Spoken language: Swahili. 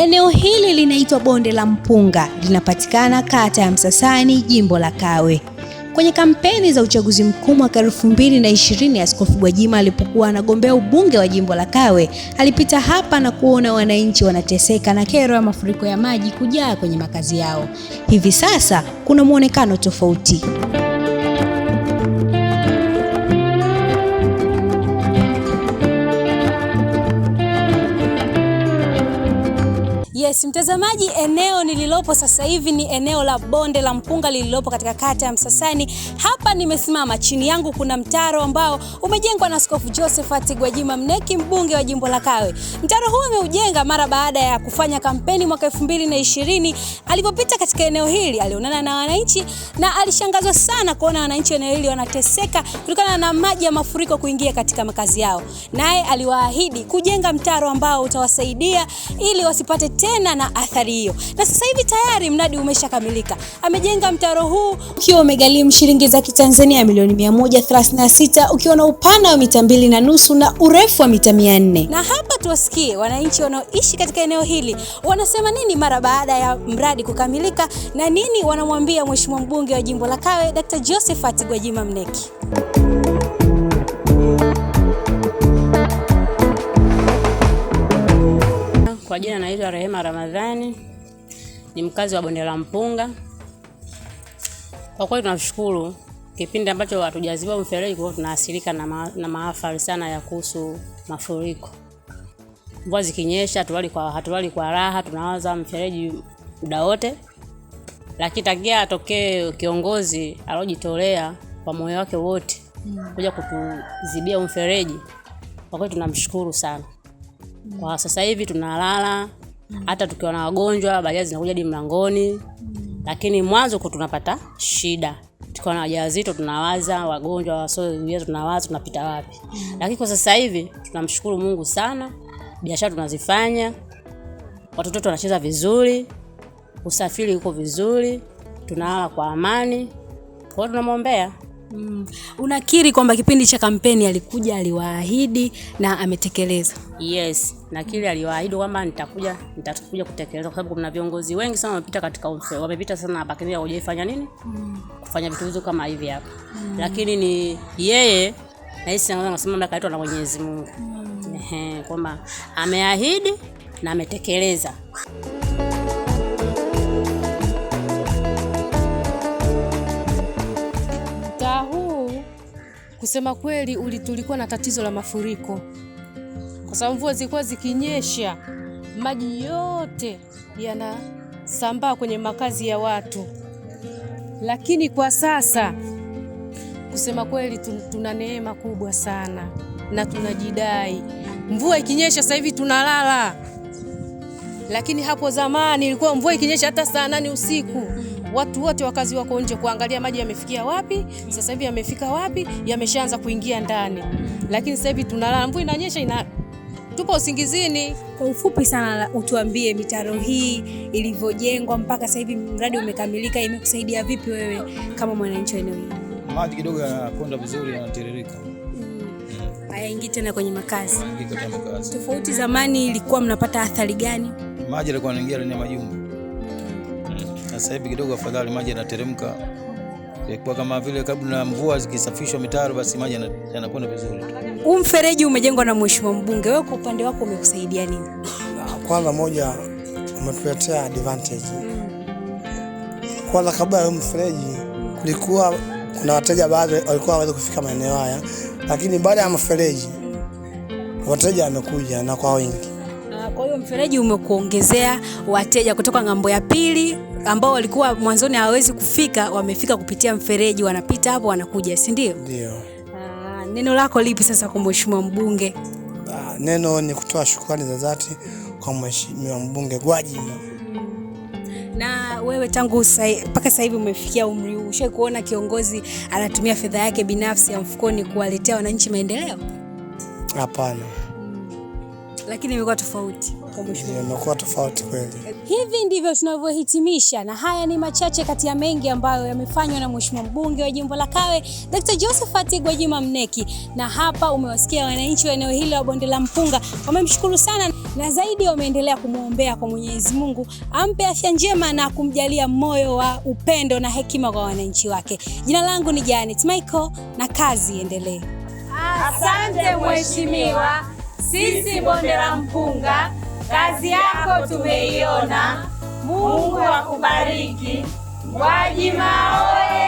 Eneo hili linaitwa bonde la Mpunga, linapatikana kata ya Msasani, jimbo la Kawe. Kwenye kampeni za uchaguzi mkuu mwaka 2020 na Askofu Gwajima alipokuwa anagombea ubunge wa jimbo la Kawe alipita hapa na kuona wananchi wanateseka na kero ya mafuriko ya maji kujaa kwenye makazi yao. Hivi sasa kuna mwonekano tofauti. Yes, mtazamaji, eneo nililopo sasa hivi ni eneo la bonde la Mpunga lililopo katika kata ya Msasani. Hapa nimesimama, chini yangu kuna mtaro ambao umejengwa na Askofu Josephat Gwajima Mneki, mbunge wa jimbo la Kawe. Mtaro huu ameujenga mara baada ya kufanya kampeni mwaka 2020. Alipopita katika eneo hili alionana na wananchi na alishangazwa sana kuona wananchi eneo hili wanateseka kutokana na maji ya mafuriko kuingia katika makazi yao, naye aliwaahidi kujenga mtaro ambao utawasaidia ili wasipate tena tena na athari hiyo, na sasa hivi tayari mradi umeshakamilika. Amejenga mtaro huu ukiwa umegharimu shilingi za Kitanzania milioni 136 ukiwa na upana wa mita mbili na nusu na urefu wa mita 400. Na hapa tuwasikie wananchi wanaoishi katika eneo hili wanasema nini mara baada ya mradi kukamilika na nini wanamwambia Mheshimiwa mbunge wa jimbo la Kawe Dr. Josephat Gwajima Mneki. Kwa jina naitwa Rehema Ramadhani, ni mkazi wa bonde la Mpunga. Kwa kweli tunashukuru kipindi ambacho hatujaziba mfereji, kwa tunaathirika na, ma, na maafa sana ya kuhusu mafuriko. Mvua zikinyesha hatulali kwa, hatulali kwa raha, tunawaza mfereji muda wote, lakini takia atokee kiongozi alojitolea kwa moyo wake wote mm. kuja kutuzibia mfereji, kwa kweli tunamshukuru sana. Kwa sasa hivi tunalala hata tukiwa na wagonjwa bajaji zinakuja hadi mlangoni, lakini mwanzo kwa tunapata shida tukiwa na wajawazito tunawaza wagonjwa wasiojiweza, tunawaza tunapita wapi. Lakini kwa sasa hivi tunamshukuru Mungu sana, biashara tunazifanya, watoto wanacheza vizuri, usafiri uko vizuri, tunalala kwa amani. Kwa tunamwombea Mm. Unakiri kwamba kipindi cha kampeni alikuja aliwaahidi na ametekeleza? Yes, nakiri aliwaahidi kwamba nitakuja nitakuja kutekeleza kwa sababu kuna viongozi wengi sana wamepita katika uso. Wamepita sana hapa kinyo hujaifanya nini? Mm. Kufanya vitu hizo kama hivi hapa. Mm. Lakini ni yeye nahisi naweza kusema mbona kaitwa na Mwenyezi Mungu. Mm. Ehe, kwamba ameahidi na ametekeleza. Kusema kweli uli, tulikuwa na tatizo la mafuriko kwa sababu mvua zilikuwa zikinyesha, maji yote yanasambaa kwenye makazi ya watu, lakini kwa sasa kusema kweli tuna neema kubwa sana na tunajidai. Mvua ikinyesha sasa hivi tunalala, lakini hapo zamani ilikuwa mvua ikinyesha hata saa nane usiku watu wote wakazi wako nje kuangalia maji yamefikia wapi, sasa hivi yamefika wapi, yameshaanza kuingia ndani. Lakini sasa hivi tunalala, mvua inanyesha, ina tupo usingizini. Kwa ufupi sana, utuambie mitaro hii ilivyojengwa mpaka sasa hivi mradi umekamilika, imekusaidia vipi wewe kama mwananchi wa eneo hili? Maji kidogo yanakwenda vizuri, yanatiririka mm. hayaingii tena kwenye makazi. Tofauti zamani ilikuwa mnapata athari gani? Maji yalikuwa yanaingia ndani ya majumba sasa hivi kidogo afadhali, maji yanateremka. Ilikuwa kama vile kabla na mvua zikisafishwa mitaro, basi maji yanakwenda vizuri tu. Huu mfereji umejengwa na mheshimiwa mbunge, wewe kwa upande wako umekusaidia nini? Ah, kwanza moja, umetuletea advantage. Kwanza kabla ya mfereji kulikuwa kuna wateja baadhi walikuwa hawezi kufika maeneo haya, lakini baada ya mfereji wateja wamekuja na kwa wingi. Ah, kwa hiyo mfereji umekuongezea wateja kutoka ng'ambo ya pili ambao walikuwa mwanzoni hawawezi kufika wamefika kupitia mfereji, wanapita hapo wanakuja, si ndio? Ndio. Ah, neno lako lipi sasa kwa mheshimiwa mbunge? Aa, ah, neno ni kutoa shukrani za dhati kwa mheshimiwa mbunge Gwajima. Na wewe tangu mpaka sasa hivi umefikia umri huu, ushawahi kuona kiongozi anatumia fedha yake binafsi ya mfukoni kuwaletea wananchi maendeleo? Hapana lakini imekuwa tofauti kwa mheshimiwa. Imekuwa tofauti kweli. Hivi ndivyo tunavyohitimisha, na haya ni machache kati ya mengi ambayo yamefanywa na mheshimiwa mbunge wa jimbo la Kawe Dr. Josephat Gwajima Mneki, na hapa umewasikia wananchi wa eneo hilo wa bonde la Mpunga wamemshukuru sana, na zaidi wameendelea kumwombea kwa Mwenyezi Mungu ampe afya njema na kumjalia moyo wa upendo na hekima kwa wananchi wake. Jina langu ni Janet Michael na kazi iendelee. Asante mheshimiwa. Sisi bonde la mpunga kazi yako tumeiona. Mungu akubariki. Gwajima oye!